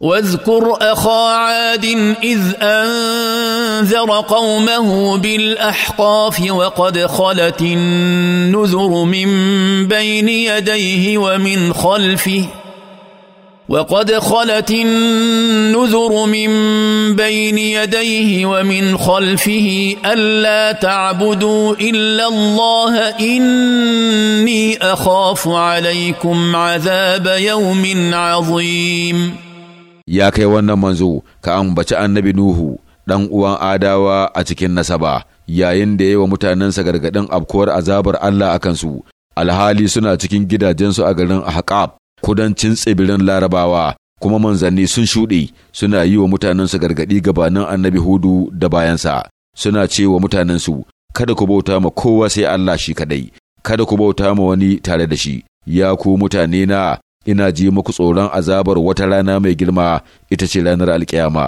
واذكر اخا عاد اذ انذر قومه بالاحقاف وقد خلت النذر من بين يديه ومن خلفه وقد خلت النذر من بين يديه ومن خلفه الا تعبدوا الا الله اني اخاف عليكم عذاب يوم عظيم ya kai wannan manzo ka ambaci annabi Nuhu dan uwan adawa a cikin nasaba yayin da yawa mutanensa gargadin afkuwar azabar Allah akan su alhali suna cikin gidajensu a garin Ahqab kudancin tsibirin Larabawa kuma manzanni sun shuɗe suna yi wa mutanensu gargaɗi gabanin annabi Hudu da bayansa suna ce wa mutanensu kada ku bauta ma kowa sai Allah shi kaɗai kada ku bauta ma wani tare da shi ya ku mutane na ina ji muku tsoron azabar wata rana mai girma ita ce ranar alkiyama